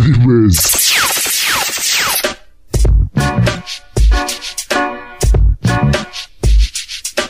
Heavy Mess.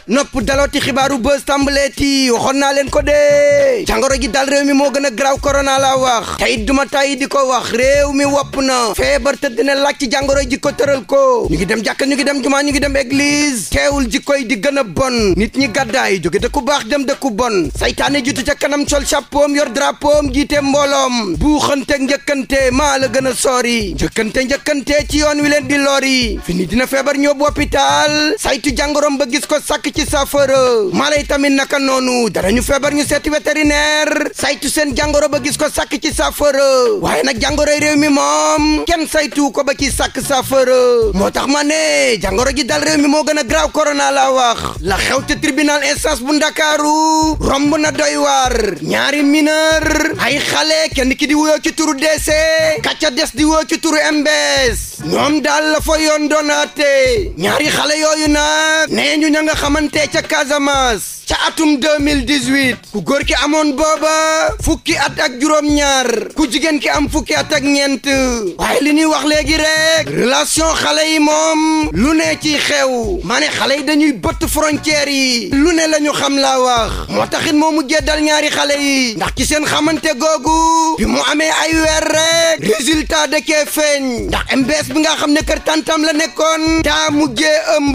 nopp dalooti xibaaru bës tàmbaleeti waxoon naa leen ko dee jangoro ji dal réew mi moo gën a graw korona la wax tey duma tàyyi di ko wax réew mi wopp na feebar te dina laaj ci jàngoro ji ko tëral ko ñu ngi dem jàkka ñu ngi dem jumaa ñu ngi dem église teewul ji koy di gën a bon nit ñi gàddaay jóge dëkku baax dem dëkku bon saytaane jiitu ca kanam sol chapeau yor drapeau jiite mbooloom buuxante njëkkante maa la gën a sori njëkkante njëkkante ci yoon wi leen di lori fini dina feebar ñëw hôpital saytu jàngoroom ba gis ko sàkk ci saafara mala yi tamit naka noonu ñu feebar ñu seeti vétérinaire saytu seen jàngoro ba gis ko sàkk ci saafara waaye nag jàngoroy réew mi moom kenn saytu ko ba ci sàkk saafara moo tax ma ne jàngoro ji dal réew moo gën a graaw corona la wax la xew te tribunal instance bu ndakaaru romb na doy waar ñaari mineur ay xale kenn ki di wuyoo ci turu DC ka des di wuyoo ci turu MBS ñoom daal la fa yoon donaate ñaari xale yooyu nag nee ñu ña nga xamante ca Casamance ca atum 2018 ku góor ki amoon booba fukki at ak juróom-ñaar ku jigéen ki am fukki at ak ñeent waaye li ñuy wax léegi rek relation xale yi moom lu ne ci xew maa ne xale yi dañuy bëtt frontières yi lu ne la ñu xam laa wax moo taxit moo mujjee dal ñaari xale yi ndax ci seen xamante googu bi mu amee ay weer rek résultat da feeñ ndax MBS bi nga xam ne kër tantam la nekkoon taa mujjee ëmb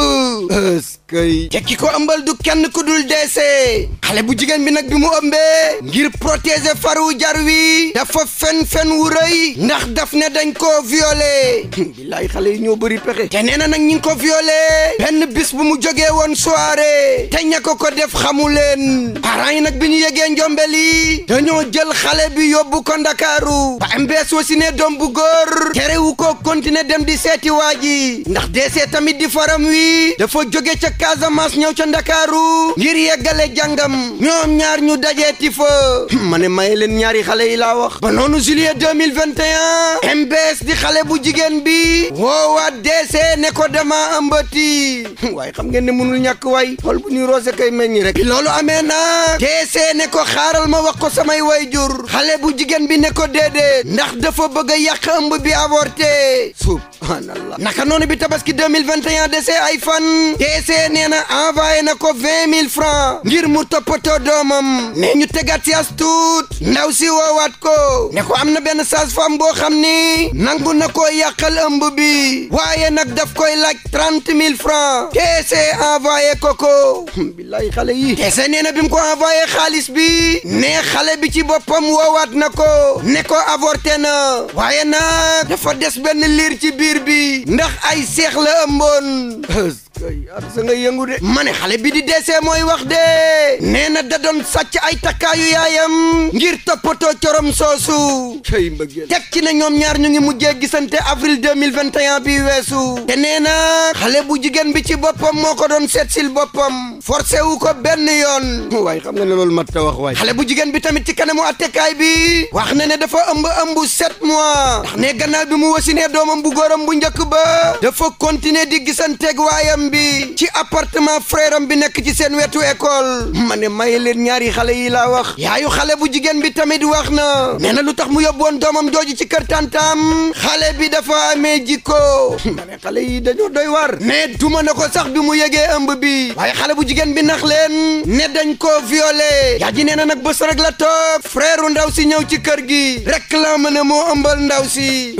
këy te ko ëmbal du kenn ku dul deesee xale bu jigéen bi nag bi mu ëmbee ngir protéger faru jar wi dafa fen fen wu rëy ndax daf ne dañ ko violé billaay xale yi ñoo bëri pexe te nee na nag ñi ko violé benn bis mu joge woon soirée te ña ko ko def xamu leen parents nag bi ñu yegee njombel yi dañoo jël xale bi yóbbu ko ndakaaru ba MBS aussi ne doom bu góor terewu ko continuer dem di seeti waa ji ndax deesee tamit di faram wi dafa jóge ca Casamance ñëw ca Ndakaaru ngir yeggale jàngam ñoom ñaar ñu dajeeti fa ma ne maye leen ñaari xale yi laa wax ba noonu juillet 2021 MBS di xale bu jigéen bi woowaat DC ne ko dama ëmbati waaye xam ngeen ne mënul ñàkk waay xool bu ñuy roose kay meññ rek bi loolu amee nag DC ne ko xaaral ma wax ko samay way wayjur xale bu jigéen bi ne ko déedéet ndax dafa bëgg a yàq ëmb bi avorté subhanallah naka noonu bi tabaski 2021 ay fan DC waaye nee na envoyé na ko vingt mille francs ngir mu toppatoo doomam ne ñu tegaat si as tuut ndaw si woowaat ko ne ko am na benn sage am boo xam ni nangu na ko yàqal ëmb bi waaye nag daf koy laaj trente mille francs teese envoyé ko ko billahi xale yi teese nee na bi mu ko envoyé xaalis bi ne xale bi ci boppam woowaat na ko ne ko avorté na waaye nag dafa des benn liir ci biir bi ndax ay seex la ëmboon sa nga yëngu de ma ne xale bi di deesee mooy wax de nee na da doon sàcc ay takkaayu yaayam ngir toppatoo corom soosu cay mbëggeel teg ci na ñoom ñaar ñu ngi mujjee gisante avril 2021 bi weesu te nee na xale bu jigéen bi ci boppam moo ko doon seet sil boppam forcé wu ko benn yoon waaye xam nga ne loolu mat ta xale bu jigéen bi tamit ci kanamu attekaay bi wax na ne dafa ëmb ëmb sept mois ndax ne gannaaw bi mu wasinee doomam bu góoram bu njëkk ba dafa continuer di gisanteeg waayam sëriñ bi ci appartement frère am bi nekk ci seen wetu école ma ne may leen ñaari xale yi la wax yaayu xale bu jigéen bi tamit wax na nee lu tax mu yóbbuwoon doomam jooju ci kër tantam xale bi dafa amee jikko ma ne xale yi dañoo doy war ne duma na ko sax bi mu yëgee ëmb bi waaye xale bu jigéen bi nax leen ne dañ ko violé yaa ji nee na nag bés rek la toog frère ndaw si ñëw ci kër gi rek réclame ne moo ëmbal ndaw si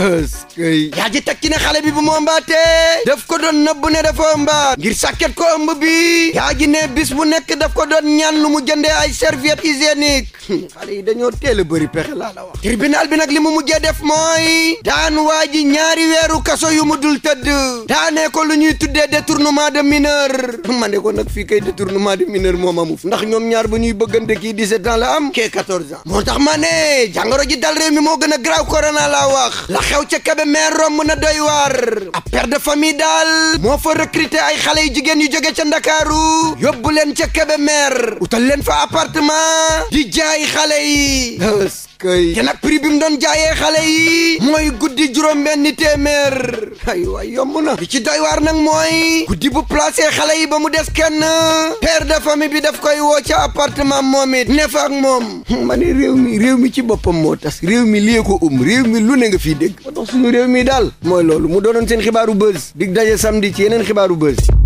yaa ji tekki ne xale bi bu mu ëmbaatee daf ko doon nëbb ne dafa ëmbaat ngir sàkket ko ëmb bi yaa ji ne bis bu nekk daf ko doon ñaan lu mu jënde ay serviette hygiénique xale yi dañoo teel a bëri pexe la la wax tribunal bi nag li mu mujjee def mooy daan waa ji ñaari weeru kaso yu mu dul tëdd daanee ko lu ñuy tuddee détournement de mineur man de ko nag fii kay détournement de mineur moom amuf ndax ñoom ñaar ba ñuy bëggante kii 17 ans la am kee 14 ans moo tax ma ne jàngoro ji dal réew gën a graaw mer romb na doy waar ab père de famille daal moo fa recruter ay xale yu jigéen yu jóge ca ndakaaru yóbbu leen ca Kébémer utal leen fa appartement di jaay xale yi te nag prix bi mu doon xale yi mooy guddi juróom-benni téeméer ay waay yomb na li ci doy waar nag mooy guddi bu placé xale yi ba mu des kenn père de famille bi daf koy woo ca appartement moom it ne fa moom ma ne réew mi réew mi ci boppam moo tas réew mi lii ko um réew mi lu ne nga fii dégg moo suñu réew mi daal mooy loolu mu doonoon seen xibaaru buzz dig daje samedi ci yeneen xibaaru buzz